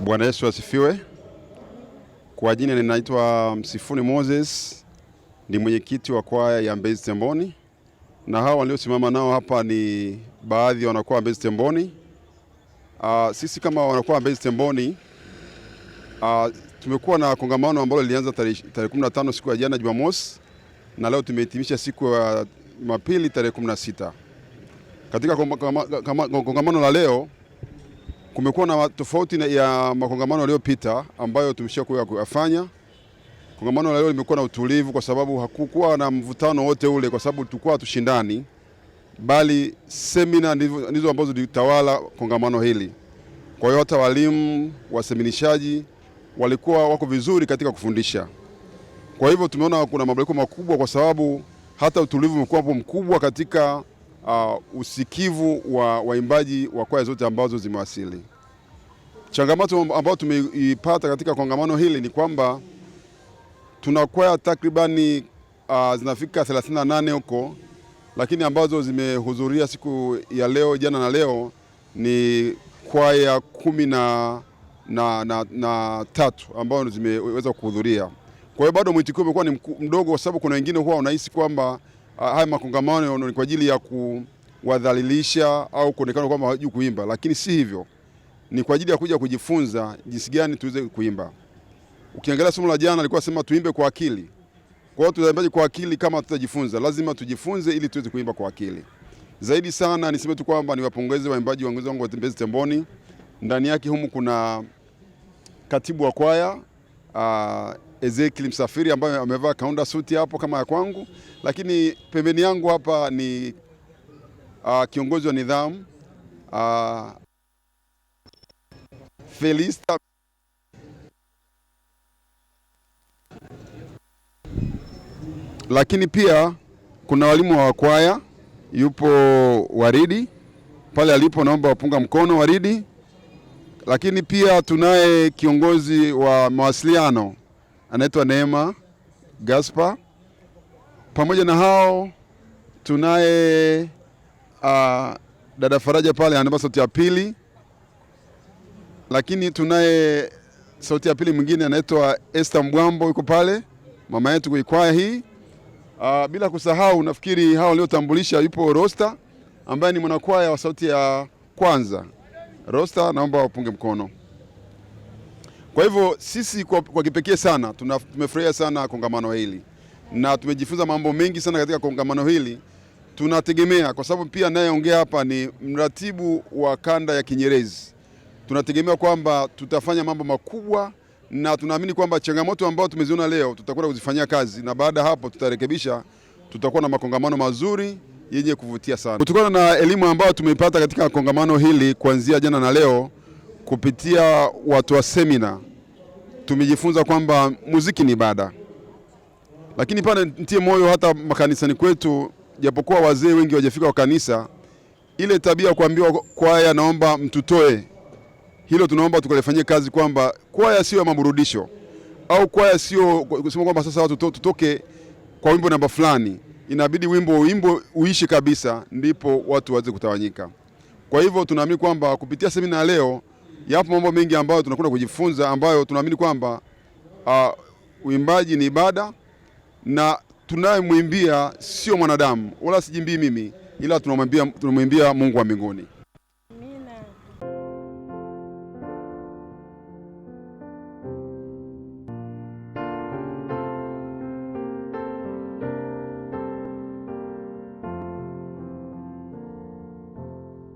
Bwana Yesu asifiwe. Kwa jina ninaitwa Msifuni Moses, ni mwenyekiti wa kwaya ya Mbezi Temboni, na hawa waliosimama nao hapa ni baadhi ya wanakwaya Mbezi Temboni. Uh, sisi kama wanakwaya Mbezi Temboni uh, tumekuwa na kongamano ambalo lilianza tarehe 15 siku ya jana Jumamosi, na leo tumehitimisha siku ya Jumapili tarehe 16. Katika kongamano la leo kumekuwa na tofauti ya makongamano yaliyopita ambayo tumeshakuwa kuyafanya. Kongamano la leo limekuwa na utulivu kwa sababu hakukuwa na mvutano wote ule, kwa sababu tulikuwa hatushindani, bali semina ndizo ambazo zilitawala kongamano hili. Kwa hiyo hata walimu waseminishaji walikuwa wako vizuri katika kufundisha. Kwa hivyo tumeona kuna mabadiliko makubwa, kwa sababu hata utulivu umekuwa hapo mkubwa katika uh, usikivu wa waimbaji wa kwaya zote ambazo zimewasili. Changamoto ambayo tumeipata katika kongamano hili ni kwamba tuna kwaya takribani uh, zinafika 38 huko, lakini ambazo zimehudhuria siku ya leo, jana na leo ni kwaya kumi na, na, na, na tatu ambayo zimeweza kuhudhuria. Kwa hiyo bado mwitikio umekuwa ni mdogo, kwa sababu kuna wengine huwa wanahisi kwamba uh, haya makongamano ni kwa ajili ya kuwadhalilisha au kuonekana kwamba hawajui kuimba, lakini si hivyo ni kwa ajili ya kuja kujifunza jinsi gani tuweze kuimba. Ukiangalia somo la jana alikuwa sema tuimbe kwa akili. Kwa hiyo tutaimbaje kwa akili kama tutajifunza? Lazima tujifunze ili tuweze kuimba kwa akili zaidi sana. Niseme tu kwamba niwapongeze waimbaji waongozi wangu Tembezi Temboni. Ndani yake humu kuna katibu wa kwaya uh, Ezekiel Msafiri ambaye amevaa kaunda suti hapo kama ya kwangu, lakini pembeni yangu hapa ni uh, kiongozi wa nidhamu uh, Felista lakini pia kuna walimu wa kwaya, yupo Waridi pale alipo, naomba wapunga mkono Waridi. Lakini pia tunaye kiongozi wa mawasiliano anaitwa Neema gaspa Pamoja na hao tunaye uh, dada Faraja pale anabasa ya pili lakini tunaye sauti ya pili mwingine anaitwa Esther Mbwambo, yuko pale mama yetu kuikwaya hii. Aa, ah, bila kusahau nafikiri hao waliotambulisha, yupo Rosta ambaye ni mwanakwaya wa sauti ya kwanza. Rosta, naomba wapunge mkono. Kwa hivyo sisi kwa, kwa kipekee sana tumefurahia sana kongamano hili na tumejifunza mambo mengi sana katika kongamano hili. Tunategemea kwa sababu pia nayeongea hapa ni mratibu wa kanda ya Kinyerezi tunategemea kwamba tutafanya mambo makubwa na tunaamini kwamba changamoto ambayo tumeziona leo tutakwenda kuzifanyia kazi, na baada ya hapo tutarekebisha, tutakuwa na makongamano mazuri yenye kuvutia sana. Kutokana na elimu ambayo tumeipata katika kongamano hili kuanzia jana na leo, kupitia watu wa semina, tumejifunza kwamba muziki ni ibada, lakini pana ntie moyo hata makanisani kwetu, japokuwa wazee wengi wajafika kwa kanisa, ile tabia ya kuambiwa kwaya, naomba mtutoe hilo tunaomba tukalifanyie kazi, kwamba kwaya sio ya maburudisho au kwaya sio kusema kwamba sasa watu tutoke kwa wimbo namba fulani. Inabidi wimbo wimbo uishi kabisa, ndipo watu waweze kutawanyika. Kwa hivyo tunaamini kwamba kupitia semina ya leo yapo mambo mengi ambayo tunakwenda kujifunza, ambayo tunaamini kwamba ah, uimbaji uh, ni ibada na tunayemwimbia sio mwanadamu wala sijimbii mimi, ila tunamwimbia Mungu wa mbinguni.